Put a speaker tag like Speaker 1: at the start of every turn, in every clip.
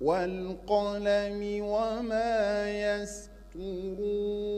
Speaker 1: والقلم وما يسطرون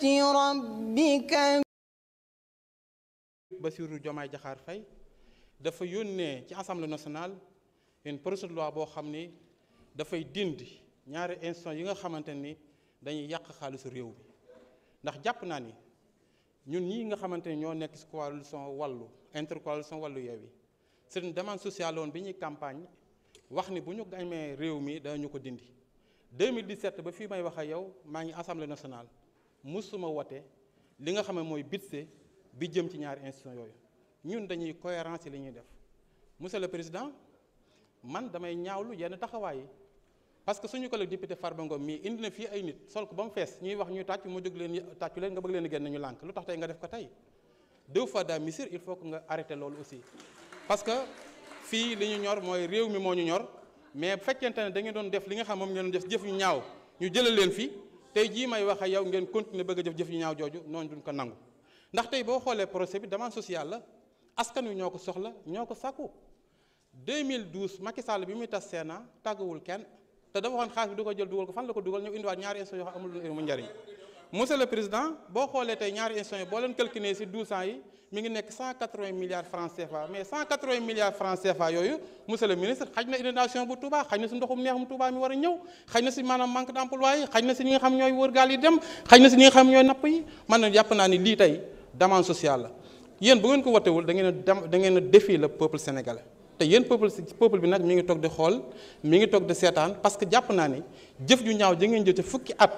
Speaker 1: rabbika Bassirou Diomaye Diakhar Faye dafa yónnee ci assemblée nationale une projet boo xam ni dafay dindi ñaari institution yi nga xamante ni dañuy yàq xaalisu réew mi ndax jàpp naa ni ñun ñi nga xamante ni ñoo nekk ci coalition wàllu intercoalition wàllu Yewwi c'est une demande sociale woon bi ñuy campagne wax ni bu ñu gañee réew mi dañu ko dindi 2017 ba fii may wax ak yow maa ngi assemblée nationale musuma wote li nga xam ne mooy budget bi jëm ci ñaari institution yooyu ñun dañuy cohérence yi li ñuy def monsieur le président man damay ñaawlu yenn taxawaay yi parce que suñu collègue député Farba Ngom mii indi na fii ay nit sol ko ba mu fees ñuy wax ñuy tàcc mu jóg leen tàccu leen nga bëgg leen génn ñu lànk lu tax tey nga def ko tey deux fois daa misir il faut que nga arrêté loolu aussi parce que fii li ñu ñor mooy réew mi moo ñu ñor mais fekkente ne da ngeen doon def li nga xam moom ngeen def jëf ñu ñaaw ñu jëlee leen fi tey jii may wax ak yow ngeen continuer bëgg a jëf jëf yu ñaaw jooju noonu duñ ko nangu ndax tey boo xoolee procès bi demande sociale la askan wi ñoo ko soxla ñoo ko sakku sàkku 2012 Macky Sall bi muy tas Sénat tàggawul kenn te dafa waxoon xaalis bi du ko jël dugal ko fan la ko dugal ñëw indiwaat ñaari institution yoo xam amul lu mu njariñ monsieur le président boo xoolee tey ñaari institutions yi boo leen calculer ci 12 ans yi mi ngi nekk 180 milliards francs CFA mais 180 milliards francs CFA yooyu monsieur le ministre xaj na inondation bu Touba xaj na ci ndoxum neexum Touba mi war a ñëw xaj na ci maanaam manque d'emploi yi xaj na ci ñi nga xam ñooy wër gaal yi dem xaj na ci ñi nga xam ñooy napp yi man na jàpp naa ni lii tey demande sociale la yéen bu ngeen ko wotewul da ngeen a dem da ngeen a défier le peuple sénégalais te yéen peuple peuple bi nag mi ngi toog di xool mi ngi toog di parce que jàpp naa ni jëf ju ñaaw ngeen jëf ci fukki at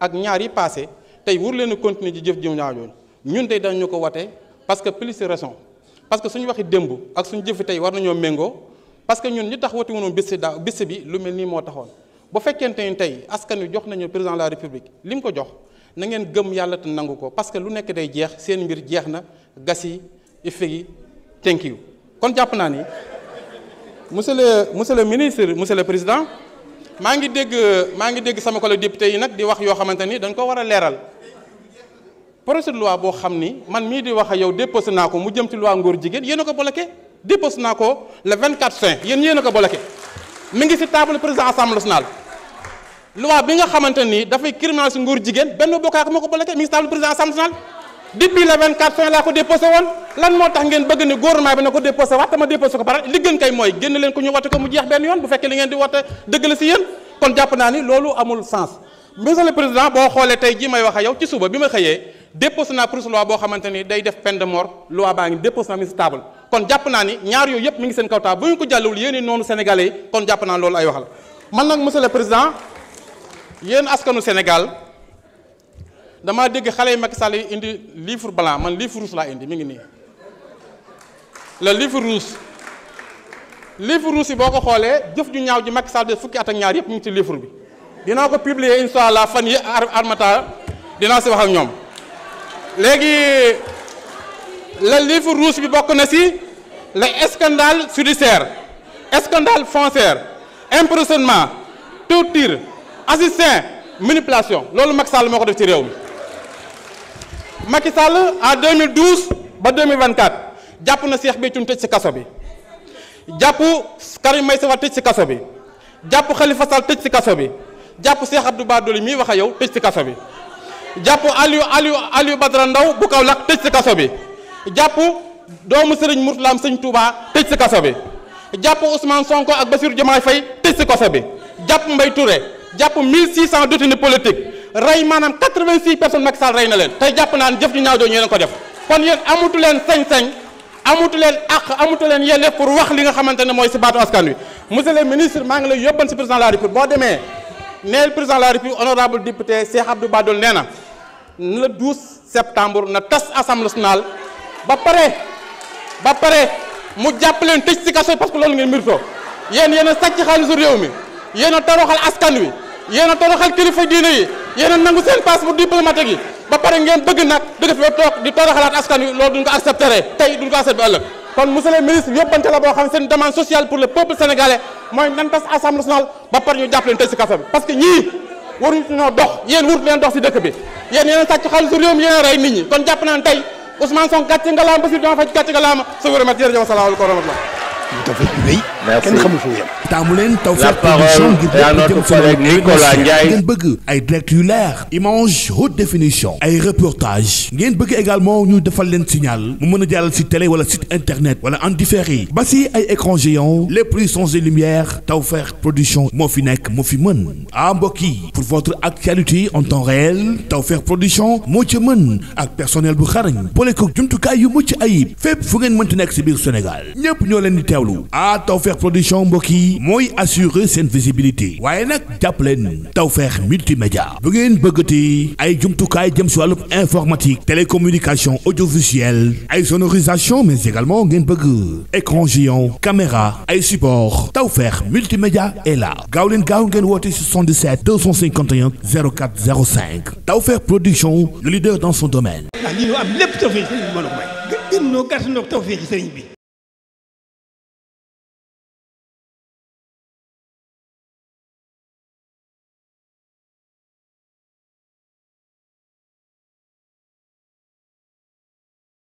Speaker 1: ak ñaar yi passé tey wur leen a continuer ci jëf jëm ñaajooñ ñun tey dañu ko wate parce que plus de raison parce que suñu waxi démb ak suñu jëfi tey war nañoo méngoo parce que ñun ñu tax wati woon bis da bi lu mel nii moo taxoon ba fekkente ni tey askan wi jox nañu président la république li mu ko jox na ngeen gëm yàlla te nangu ko parce que lu nekk day jeex seen mbir jeex na gas yi ifegi thank you kon jàpp naa ni monsieur le monsieur le ministre monsieur le président maa ngi dégg maa ngi dégg sama collègue député yi nag di wax yoo xamante ni dañ ko war a leeral projet de loi boo xam ni man mii di wax ak yow déposé naa ko mu jëm ci loi ngóor jigéen yéen a ko bloqué déposé naa ko le 24 juin yéen yéen a ko bloqué mi ngi ci table président assemblée nationale. loi bi nga xamante ni dafay criminaliser ngor jigéen benn bokkaak moo ko bloqué mi ngi ci table président assemblée nationale. depuis le 24 juin laa ko déposé woon lan moo tax ngeen bëgg ne gouvernement bi na ko déposé waat dama déposé ko pare li gën kay mooy génn leen ko ñu wote ko mu jeex benn yoon bu fekkee li ngeen di wote dëgg la si yéen kon jàpp naa ni loolu amul sens monsieur président boo xoolee tey jii may wax ak yow ci suba bi ma xëyee déposé naa projet loi boo xamante ni day def peine de mort loi baa ngi déposé naa mi si table kon jàpp naa ni ñaar yooyu yëpp mi ngi seen kaw ko jàllewul yéen noonu sénégalais yi kon jàpp naa loolu ay wax la man nag monsieur le président yéen Sénégal damaa dégg xale yi Macky Sall indi livre blanc man livre rouge laa indi mu ngi nii la livre rouge livre rouge yi boo ko xoolee jëf ju ñaaw ji Macky Sall de fukki at ñaar yëpp mu ci livre bi dinaa ko publier incha allah fan yi armata dinaa si wax ak ñoom léegi la livre rouge bi bokk na si le scandale judiciaire scandale foncière emprisonnement torture assassinat manipulation loolu Macky Sall moo ko def ci réew mi Macky Sall en 2012 ba 2024 jàpp na Cheikh Béthio tëj si kaso bi jàpp Karim Meïssa Wade tëj ci kaso bi jàpp Khalifa Sall tëj ci kaso bi jàpp Cheikh Abdou Bara Dolly mii wax yow tëj ci kaso bi jàpp Aliou Aliou Aliou Badara Ndaw bu Kaolack tëj ci kaso bi jàpp doomu Serigne Mourtalaam Sëñ Touba tëj ci kaso bi jàpp Ousmane Sonko ak Bassirou Diomaye Faye tëj ci kaso bi jàpp Mbaye Touré jàpp 1600 détenus politiques rey maanaam 86 personnes Macky Sall rey na leen te jàpp naa ne jëf ju ñaaw jooju ñu leen ko def kon yéen amatu leen sañ-sañ amatu leen àq amatu leen yelleef pour wax li nga xamante ne mooy si baatu askan wi monsieur ministre maa ngi lay yóbban si président de la république boo demee neel président la république honorable député Cheikh Abdou Badol nee na le 12 septembre na tas assemblée nationale ba pare ba pare mu jàpp leen tëj si kaso parce que loolu yéen yéen a sàcc xaalisu réew mi yéen a toroxal askan wi yéen a toroxal kilifa diine yi yéen a nangu seen passeport diplomatique yi ba pare ngeen bëgg nag dëgg fi ba toog di toroxalaat askan wi loolu duñ ko accepté tey duñ ko accepté ëllëg kon monsieur le ministre yóbbante la boo xam seen demande sociale pour le peuple sénégalais mooy nan tas assemblée nationale ba pare ñu jàpp leen tëj si kaso bi parce que ñii waruñu ñoo dox yéen warut leen dox si dëkk bi yéen yéen a sàcc xaalisu réew mi yéen rey nit ñi kon jàpp
Speaker 2: merci kenn xamul fu mu yem. taamu leen Tawfekh Production ngir lépp jëm seen Nicolas Ndiaye ngeen bëgg ay direct yu leer image haute définition ay reportage ngeen bëgg également ñu defal leen signal mu mën a jàllal si télé wala site internet wala en différé ba si ay écran géant lépp luy son et lumière Tawfekh Production moo fi nekk moo fi mën ah mbokk yi pour votre actualité en temps réel Tawfekh Production moo ci mën ak personnel bu xarañ boole ko jumtukaay yu mucc ayib fépp fu ngeen mënti nekk si biir Sénégal ñëpp ñoo leen di teewlu ah, Tawfekh production mbokk yi mooy assurer seen visibilité waaye nag jàpp leen Tawfekh multimédia bu ngeen bëggatee ay jumtukaay jëm si wàllu informatique télécommunication audiovisuelle ay sonorisation mais également ngeen bëgg écran géant caméra ay support Tawfekh multimédia est là gaaw leen gaaw ngeen woote 77 251 04 05 Tawfekh production le leader dans son domaine. Ah, am lépp Tawfekh bi.